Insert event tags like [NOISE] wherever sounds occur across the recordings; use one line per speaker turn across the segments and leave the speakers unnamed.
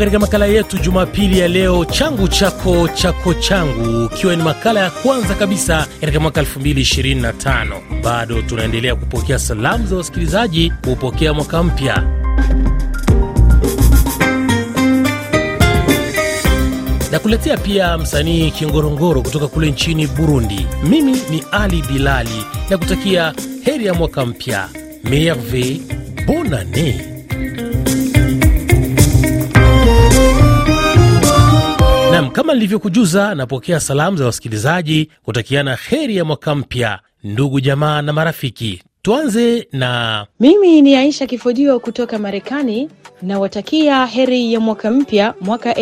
katika makala yetu Jumapili ya leo, changu chako chako changu, ikiwa ni makala ya kwanza kabisa katika mwaka 2025. Bado tunaendelea kupokea salamu za wasikilizaji kupokea mwaka mpya. Nakuletea pia msanii Kingorongoro kutoka kule nchini Burundi. Mimi ni Ali Bilali na kutakia heri ya mwaka mpya, merve bonane kama nilivyokujuza, napokea salamu za wasikilizaji kutakiana heri ya mwaka mpya, ndugu jamaa na marafiki. Tuanze na
mimi ni Aisha Kifodio kutoka Marekani. Nawatakia heri ya mwaka mpya, mwaka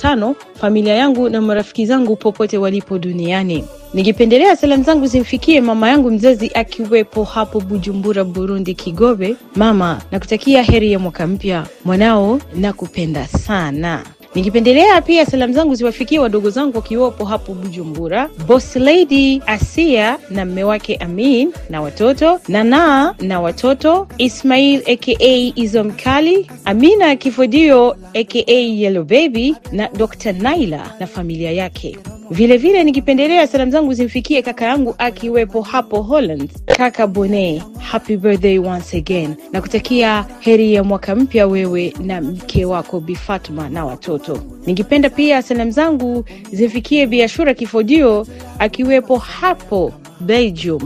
tano, familia yangu na marafiki zangu popote walipo duniani. Ningependelea salamu zangu zimfikie mama yangu mzazi akiwepo hapo Bujumbura, Burundi, Kigobe. Mama, nakutakia heri ya mwaka mpya, mwanao nakupenda sana. Ningependelea pia salamu zangu ziwafikie wadogo zangu wakiwepo hapo Bujumbura, Boss Lady Asia na mme wake Amin na watoto Nana na watoto Ismail aka Izomkali, Amina Kifodio aka Yellow Baby na Dr. Naila na familia yake. Vilevile nikipendelea salamu zangu zimfikie kaka yangu akiwepo hapo Holland, kaka Bone, happy birthday once again, na kutakia heri ya mwaka mpya wewe na mke wako Bi Fatma na watoto. Ningependa pia salamu zangu zimfikie Biashura Kifodio akiwepo hapo Belgium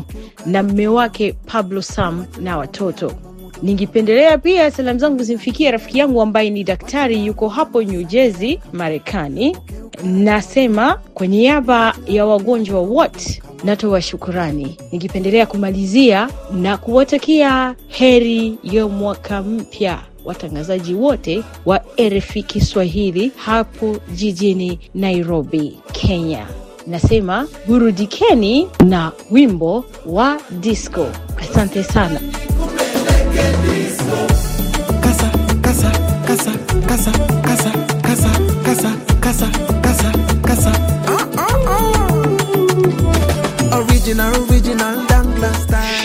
na mme wake Pablo Sam na watoto. Ningependelea pia salamu zangu zimfikie rafiki yangu ambaye ni daktari, yuko hapo New Jersey, Marekani, Nasema kwa niaba ya wagonjwa wote natoa shukurani, nikipendelea kumalizia na kuwatakia heri ya mwaka mpya watangazaji wote wa RFI Kiswahili hapo jijini Nairobi, Kenya. Nasema burudikeni na wimbo wa disco. Asante sana. Kasa, kasa, kasa, kasa, kasa, kasa, kasa,
Mombasa. Oh, oh,
oh. Original, original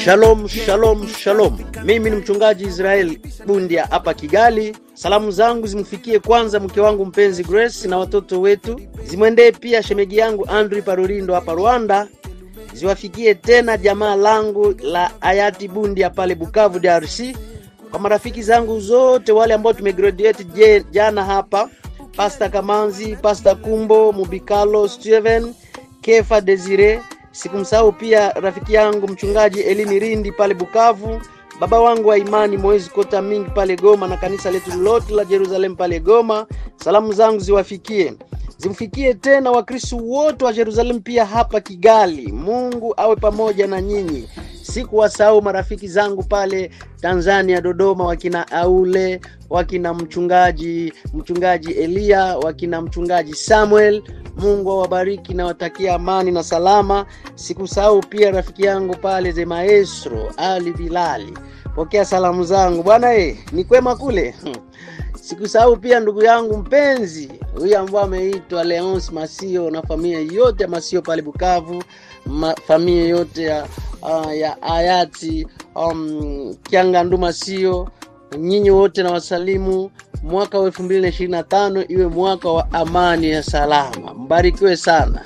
Shalom, shalom, shalom. Mimi ni mchungaji Israeli Bundia hapa Kigali. Salamu zangu zimfikie kwanza mke wangu mpenzi Grace na watoto wetu, zimwendee pia shemegi yangu Andrew parurindo hapa Rwanda, ziwafikie tena jamaa langu la hayati Bundia pale Bukavu DRC, kwa marafiki zangu zote wale ambao tumegraduate jana hapa Pasta Kamanzi, Pasta Kumbo, Mubikalo, Steven, Kefa Desire. Sikumsahau pia rafiki yangu mchungaji Elimi Rindi pale Bukavu, baba wangu wa imani Moezi Kota Mingi pale Goma na kanisa letu lote la Jerusalem pale Goma. Salamu zangu ziwafikie zimfikie tena Wakristo wote wa Jerusalem pia hapa Kigali. Mungu awe pamoja na nyinyi. Sikuwasahau marafiki zangu pale Tanzania Dodoma, wakina Aule, wakina mchungaji mchungaji Elia, wakina mchungaji Samuel. Mungu awabariki na watakia amani na salama. Sikusahau pia rafiki yangu pale ze maestro Ali Bilali, pokea salamu zangu bwana eh, ni kwema kule. Hmm. Sikusahau pia ndugu yangu mpenzi huyu ambaye ameitwa Leonce Masio na familia yote ya Masio pale Bukavu, ma, familia yote ya uh, ya hayati um, Kianga Nduma sio nyinyi wote na wasalimu mwaka wa elfu mbili na ishirini na tano iwe mwaka wa amani ya salama. Mbarikiwe sana.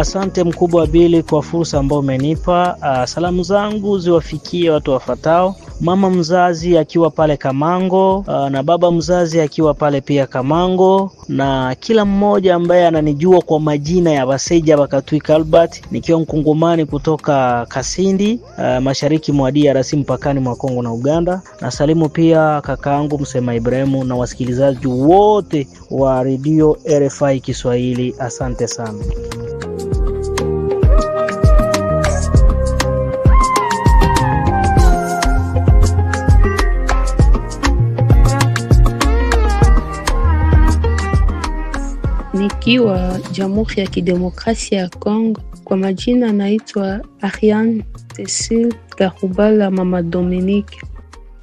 Asante mkubwa Bili kwa fursa ambayo umenipa. Ah, salamu zangu ziwafikie watu wafatao: mama mzazi akiwa pale Kamango ah, na baba mzazi akiwa pale pia Kamango, na kila mmoja ambaye ananijua kwa majina ya Baseja Bakatui Albert, nikiwa mkungumani kutoka Kasindi, ah, mashariki mwa DRC mpakani mwa Kongo na Uganda. Na salimu pia kakaangu Msema Ibrahimu na wasikilizaji wote wa redio RFI Kiswahili. Asante sana.
akiwa Jamhuri ya Kidemokrasia ya Kongo. Kwa majina anaitwa Ariane Cecile Karubala Mama Dominique.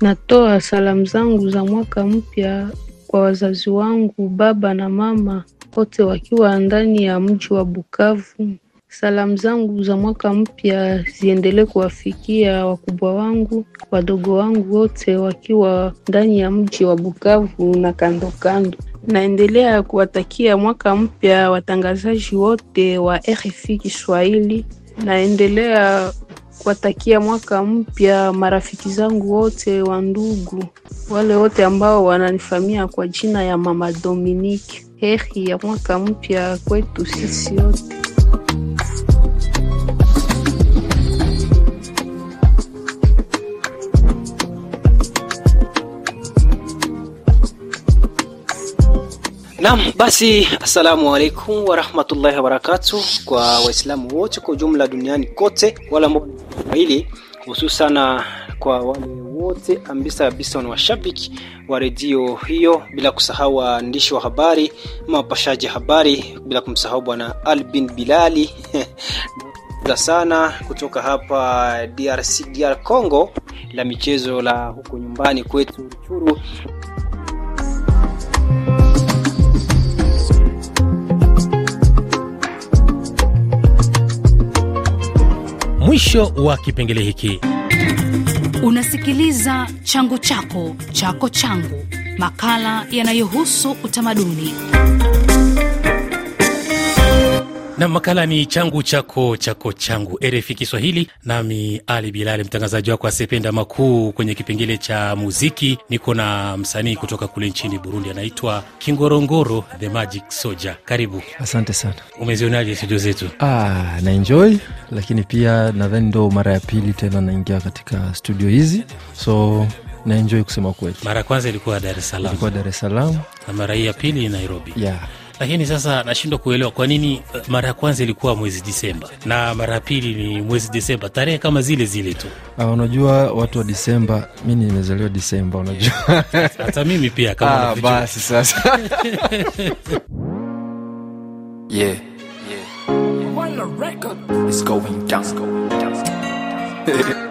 Natoa salamu zangu za mwaka mpya kwa wazazi wangu, baba na mama wote wakiwa ndani ya mji wa Bukavu. Salamu zangu za mwaka mpya ziendelee kuwafikia wakubwa wangu, wadogo wangu wote wakiwa ndani ya mji wa Bukavu na kando kando. Naendelea kuwatakia mwaka mpya watangazaji wote wa RFI Kiswahili. Naendelea kuwatakia mwaka mpya marafiki zangu wote wa ndugu, wale wote ambao wananifamia kwa jina ya Mama Dominique. Heri ya mwaka mpya kwetu sisi wote.
Naam, basi assalamu alaikum warahmatullahi wabarakatuh kwa Waislamu wote kwa ujumla duniani kote, wala hili hususana kwa wale wote ambisa kabisa ni washabiki wa redio hiyo, bila kusahau waandishi wa habari ama wapashaji habari, bila kumsahau bwana Albin Bilali [LAUGHS] sana kutoka hapa DRC DR Congo la michezo la huko nyumbani kwetu Ruchuru
mwisho wa kipengele hiki.
Unasikiliza changu chako chako changu, makala yanayohusu utamaduni
na makala ni changu chako chako changu rf Kiswahili, nami Ali Bilali, mtangazaji wako asependa makuu. Kwenye kipengele cha muziki, niko na msanii kutoka kule nchini Burundi, anaitwa Kingorongoro the Magic soja Karibu. Asante sana. Umezionaje studio zetu?
Ah, na enjoy, lakini pia nadhani ndo mara ya pili tena naingia katika studio hizi so naenjoy kusema
kweli. Mara ya kwanza ilikuwa Dar es Salaam, Dar es Salaam, na mara hii ya pili Nairobi, yeah lakini sasa nashindwa kuelewa kwa nini eh, mara ya kwanza ilikuwa mwezi Disemba na mara ya pili ni mwezi Disemba, tarehe kama zile zile tu.
Uh, unajua watu wa Disemba, mi nimezaliwa Disemba, unajua [LAUGHS] hata mimi pia kama ah, basi sasa [LAUGHS] yeah. Yeah.
Yeah. [LAUGHS]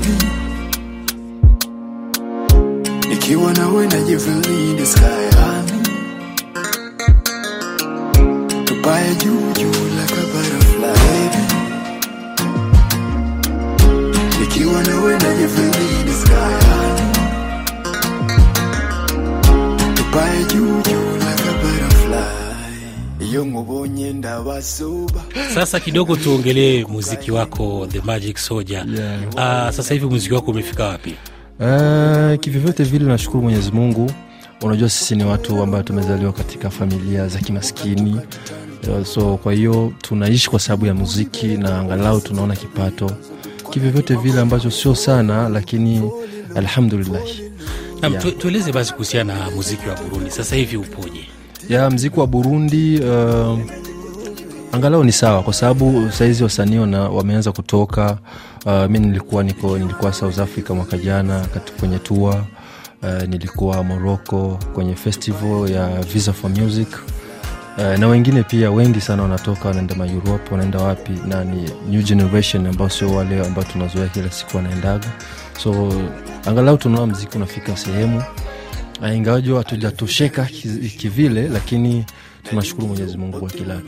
baby nikiwa nawe najivunia sky
Sasa kidogo tuongelee muziki wako The Magic Soldier. Yeah. Uh, sasa hivi muziki wako umefika wapi? Uh, kivyovyote
vile nashukuru Mwenyezi Mungu. Unajua sisi ni watu ambao tumezaliwa katika familia za kimaskini, eh, so kwa hiyo tunaishi kwa sababu ya muziki na angalau tunaona kipato kivyovyote vile ambacho sio sana, lakini alhamdulillah.
Nam, yeah. Tueleze basi kuhusiana na muziki wa Burundi sasa hivi upoje?
Ya mziki wa Burundi uh, angalau ni sawa kwa sababu sahizi wasanii wameanza kutoka uh, mi nilikuwa niko nilikuwa south africa mwaka jana kwenye tua uh, nilikuwa morocco kwenye festival ya visa for music uh, na wengine pia wengi sana wanatoka wanaenda maeurope wanaenda wapi na ni new generation ambao sio wale ambao tunazoea kila siku wanaendaga so angalau tunaona mziki unafika sehemu uh, ingawaji hatujatosheka kivile lakini Tunashukuru Mwenyezi Mungu kwa kila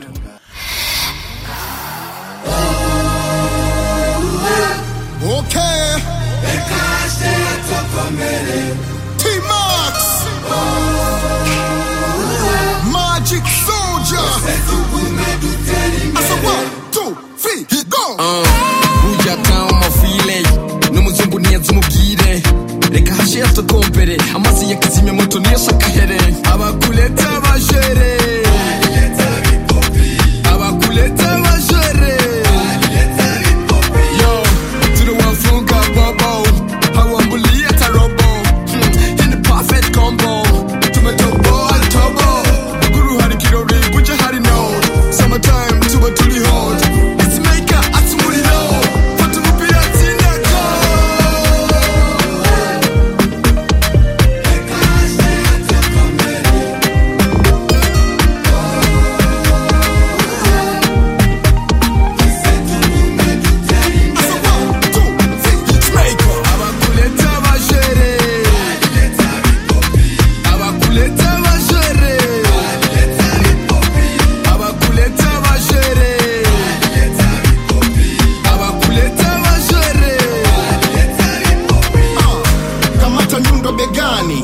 gani?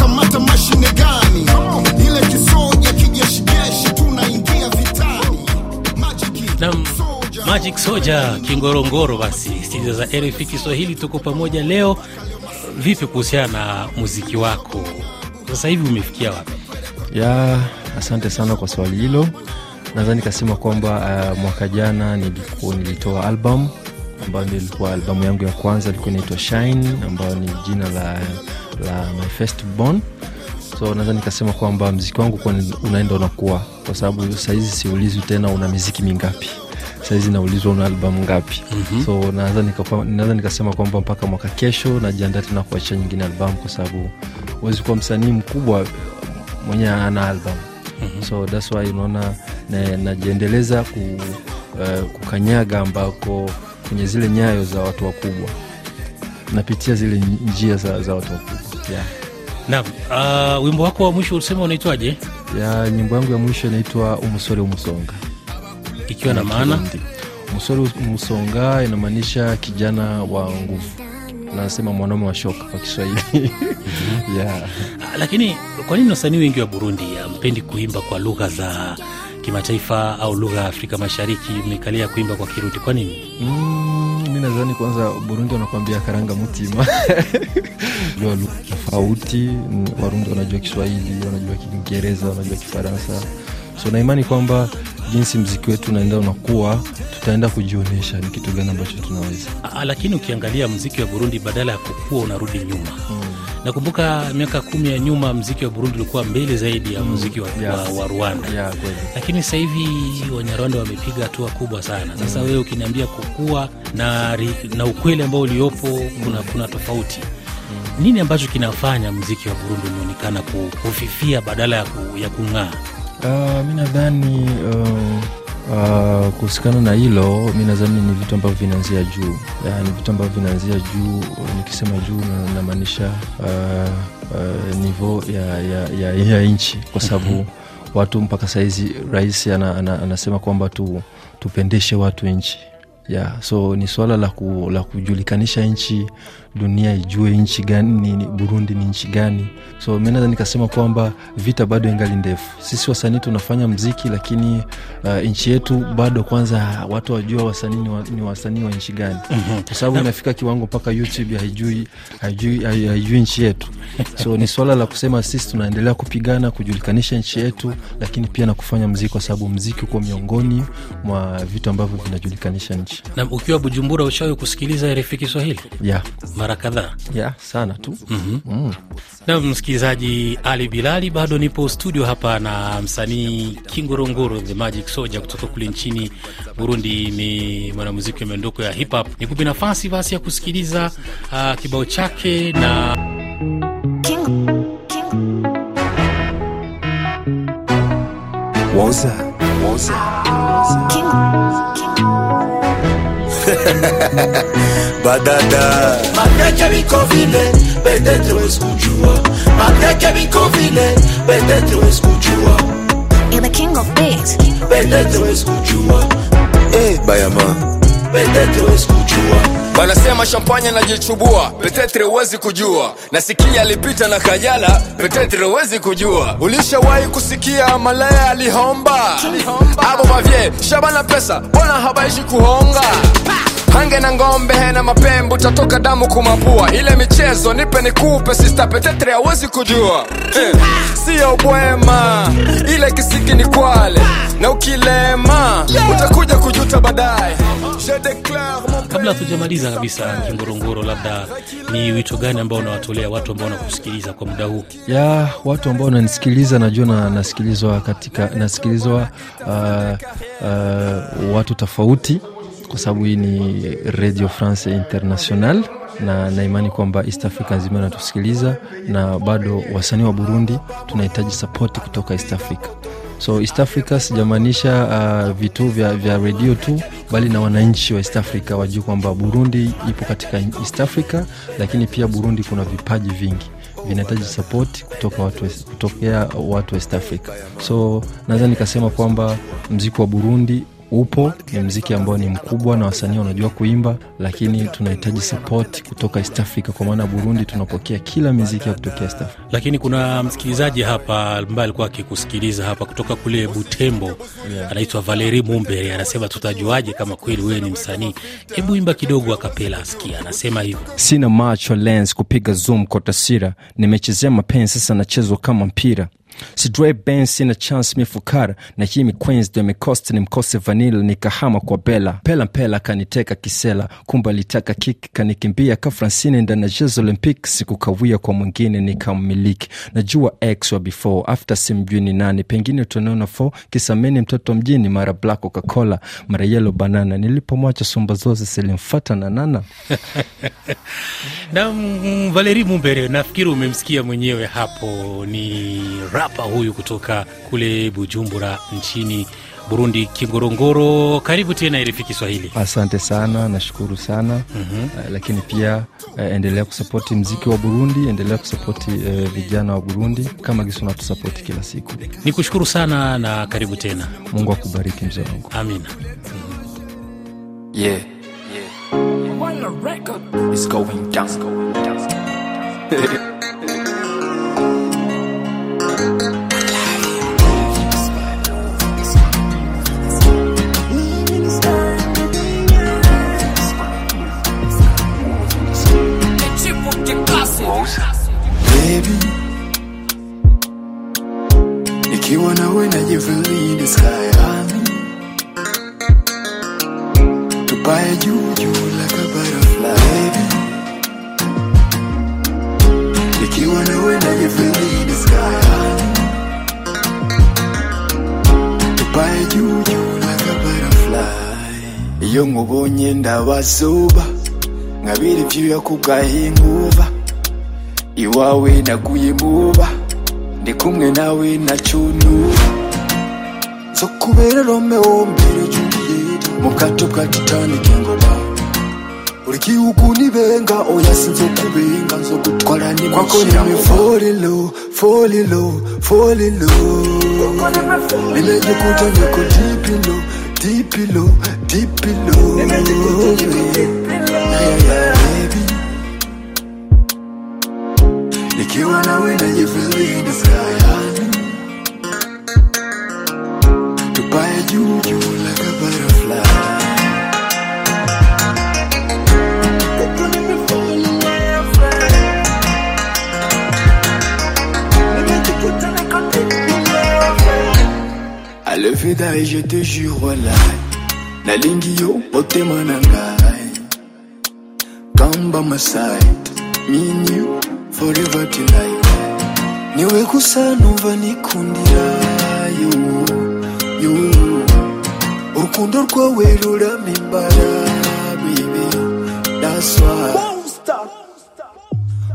Kamata mashine gani? Ile kisoja kijeshi jeshi, tunaingia vitani.
Magic Soja Kingorongoro, basi studio za RFI Kiswahili tuko pamoja leo. Vipi kuhusiana na muziki wako sasa hivi, umefikia wapi?
ya asante sana kwa swali hilo. Naweza nikasema kwamba uh, mwaka jana nilikuwa nilitoa album ambayo ndio ilikuwa albamu yangu ya kwanza, ilikuwa inaitwa Shine ambayo ni jina la la My First Born. So naweza nikasema kwamba mziki wangu kwa unaenda unakuwa, kwa sababu sahizi siulizwi tena una miziki mingapi sahizi naulizwa una albamu ngapi? mm -hmm. So naweza nikasema kwamba mpaka mwaka kesho najiandaa tena kuachia nyingine albamu, kwa sababu huwezi kuwa msanii mkubwa mwenye ana albamu. mm -hmm. So that's why unaona najiendeleza ku, uh, kukanyaga ambako kwenye zile nyayo za watu wakubwa, napitia zile njia za, za watu wakubwa
yeah. uh, wimbo wako wa mwisho usema unaitwaje?
ya nyimbo yangu ya mwisho inaitwa umusore umusonga, ikiwa na maana umusore umusonga inamaanisha kijana wa nguvu, nasema mwanaume wa shoka kwa Kiswahili.
Mhm. [LAUGHS] yeah. Ah, lakini kwa nini wasanii wengi wa Burundi hampendi ah, kuimba kwa lugha za kimataifa au lugha ya Afrika Mashariki, mekalia kuimba kwa Kirundi, kwa nini?
mm mi nazani kwanza Burundi wanakuambia karanga mutima
[LAUGHS] jua lugha
tofauti. Warundi wanajua Kiswahili, wanajua Kiingereza, wanajua Kifaransa, so naimani kwamba jinsi mziki wetu unaenda unakuwa, tutaenda kujionyesha ni kitu gani ambacho tunaweza.
Ah, ah, lakini ukiangalia mziki wa Burundi badala ya kukua unarudi nyuma hmm. Nakumbuka miaka kumi ya nyuma mziki wa Burundi ulikuwa mbele zaidi ya hmm. mziki wa, yeah. wa, wa Rwanda yeah, lakini sasa hivi Wanyarwanda wamepiga hatua kubwa sana sasa. mm. Wewe ukiniambia kukua na, na ukweli ambao uliopo mm. kuna, kuna tofauti mm. Nini ambacho kinafanya mziki wa Burundi umeonekana kufifia badala ya kung'aa? Uh, mi
nadhani uh, uh, kuhusikana na hilo mi nadhani ni vitu ambavyo vinaanzia juu ya, eh, ni vitu ambavyo vinaanzia juu nikisema juu namaanisha na uh, uh, nivo ya, ya, ya, ya nchi kwa sababu watu mpaka sahizi rais ana, ana, anasema kwamba tu, tupendeshe watu nchi yeah, so ni swala la, ku, la kujulikanisha nchi, dunia ijue nchi gani ni, Burundi ni nchi gani. So mi naweza nikasema kwamba vita bado ingali ndefu. Sisi wasanii tunafanya mziki, lakini uh, nchi yetu bado, kwanza watu wajua wasanii ni, wa, ni wasanii wa nchi gani, mhm. kwa sababu inafika kiwango mpaka YouTube haijui, haijui, haijui, haijui nchi yetu. So ni swala la kusema sisi tunaendelea kupigana kujulikanisha nchi yetu, lakini pia na kufanya mziki, kwa sababu mziki uko miongoni mwa vitu ambavyo vinajulikanisha nchi
na ukiwa Bujumbura ushawahi kusikiliza RFI Kiswahili? Yeah. mara kadhaa. Yeah, sana tu. Mhm. mm -hmm. mm. nam msikilizaji Ali Bilali, bado nipo studio hapa na msanii Kingorongoro the Magic soja kutoka kule nchini Burundi. Ni mwanamuziki wa miondoko ya hiphop ni kupi nafasi basi ya kusikiliza uh, kibao chake na King.
Woza. Woza. King. [LAUGHS] Badada Malgré que mi confine, peut-être escuchua Malgré que mi confine, peut-être escuchua You're the king of beats Peut-être escuchua Eh, hey, Bayama Peut-être escuchua wanasema shampanya najichubua petetre huwezi kujua nasikia alipita na kajala petetre huwezi kujua ulishawahi kusikia malaya alihomba abo mavye shaba na pesa bona habaishi kuhonga pa! ange na ngombe na mapembu utatoka damu kumapua. Ile michezo nipe nikupe, sista petetre hawezi kujua eh, siyo bwema, ile kisiki ni kwale na ukilema utakuja kujuta baadaye.
Kabla hatujamaliza kabisa kingurunguro labda ni wito gani ambao unawatolea watu ambao wanakusikiliza kwa muda huu? Ya
watu ambao wananisikiliza, najua na nasikilizwa katika nasikilizwa uh, uh, watu tofauti kwa sababu hii ni Radio France International na naimani kwamba East Africa nzima inatusikiliza, na bado wasanii wa Burundi tunahitaji sapoti kutoka East Africa. So East Africa sijamaanisha uh, vituo vya, vya redio tu, bali na wananchi wa East Africa wajue kwamba Burundi ipo katika East Africa, lakini pia Burundi kuna vipaji vingi vinahitaji sapoti kutoka watu, kutokea watu wa East Africa. So naweza nikasema kwamba mziki wa Burundi upo, ni mziki ambao ni mkubwa na wasanii wanajua kuimba, lakini tunahitaji support kutoka East Africa, kwa maana Burundi tunapokea kila miziki ya kutokea East Africa.
Lakini kuna msikilizaji hapa ambaye alikuwa akikusikiliza hapa kutoka kule Butembo, yeah. Anaitwa Valeri Mumbere, anasema tutajuaje kama kweli wewe ni msanii? Hebu imba kidogo akapela, asikia. Anasema hivyo,
sina macho lens kupiga zoom kwa taswira, nimechezea mapenzi, sasa nachezwa kama mpira Sidre Ben na chance mifukara na himi Queens de mekosta ni mkose vanilla nikahama kwa bela Pela mpela kaniteka kisela kumba litaka kiki kanikimbia ka Francine na Jeux Olympic sikukawia kwa mwingine ni na Najua ex wa before after simjui ni nani pengine tunaona fo kisameni mtoto mjini mara black Coca-Cola mara yellow banana nilipomwacha sumba zozi silimfata na nana.
[LAUGHS] na Valeri Mumbere nafikiri umemsikia mwenyewe hapo ni rap chapa huyu kutoka kule Bujumbura nchini Burundi, Kingorongoro. Karibu tena RFI Kiswahili.
Asante sana, nashukuru sana mm-hmm. Uh, lakini pia uh, endelea kusapoti mziki wa Burundi, endelea kusapoti uh, eh, vijana wa Burundi kama gisi unatusapoti kila siku.
Ni kushukuru sana na karibu tena.
Mungu akubariki mzee wangu,
amina. mm-hmm.
yeah. Yeah.
Yeah. [LAUGHS] iyo nkubonye ndabazuba nkabira ibyuya ku iwawe naguye muba ndi kumwe nawe nacyunuba nzo kubera romeo mbere juriyeti mu bwato bwa titanike ngoba buri gihugu nibenga oya sinzo kubenga nzo gutwara nimushyira mu folilo folilo folilo nimenya kutonye ku jipilo deep below, deep below. Yeah, yeah, yeah, baby. Nikiwa na wewe najifeel in the sky. Tupae juu juu lever dai je te jure walai nalingi yo motema na ngai kamba masai mini you forever tonight niwe kusanuva nikundira yo yo urukundo rwawe ruramimbara bibi daswa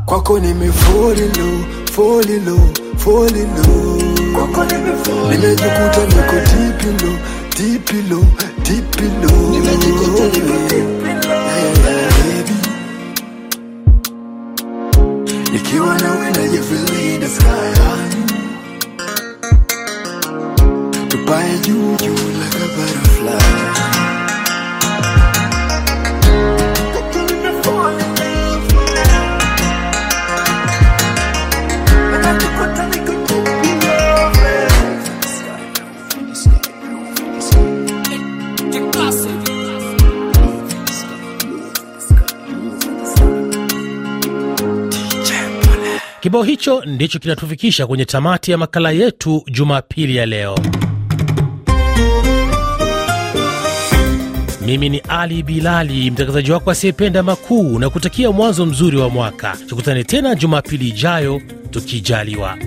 kwako nimefalilo falilo falilo nimejikuta niko dipilo dipilo dipilo nikiwa nawe najivilinda skyline tupae juu juu like a butterfly
Kibao hicho ndicho kinatufikisha kwenye tamati ya makala yetu Jumapili ya leo. Mimi ni Ali Bilali, mtangazaji wako asiyependa makuu na kutakia mwanzo mzuri wa mwaka. Tukutane tena Jumapili ijayo tukijaliwa.